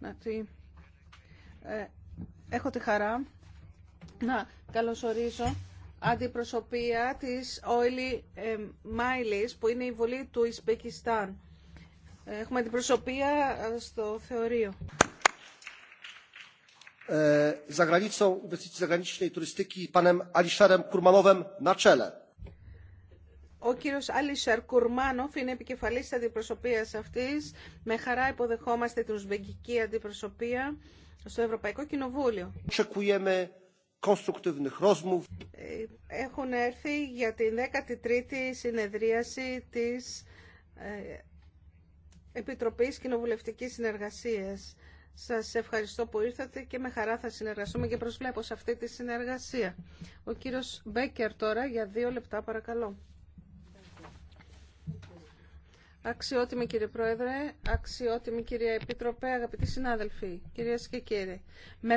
να Ε, έχω τη χαρά να καλωσορίζω αντιπροσωπεία της Όιλι ε, που είναι η βολή του Ισπεκιστάν. Έχουμε αντιπροσωπεία ε, στο θεωρείο. Ε, Ζαγρανίτσο, granicą inwestycji τουριστικής, turystyki panem Κουρμανόβεμ Kurmanowem na ο κύριος Αλισερ Κουρμάνοφ είναι επικεφαλής της αντιπροσωπείας αυτής. Με χαρά υποδεχόμαστε την ουσβεγγική αντιπροσωπεία στο Ευρωπαϊκό Κοινοβούλιο. Ε, έχουν έρθει για την 13η συνεδρίαση της ε, Επιτροπής Κοινοβουλευτικής Συνεργασίας. Σας ευχαριστώ που ήρθατε και με χαρά θα συνεργαστούμε και προσβλέπω σε αυτή τη συνεργασία. Ο κύριος Μπέκερ τώρα για δύο λεπτά παρακαλώ. Αξιότιμη κύριε Πρόεδρε, αξιότιμη κυρία Επίτροπε, αγαπητοί συνάδελφοι, κυρίες και κύριοι. Με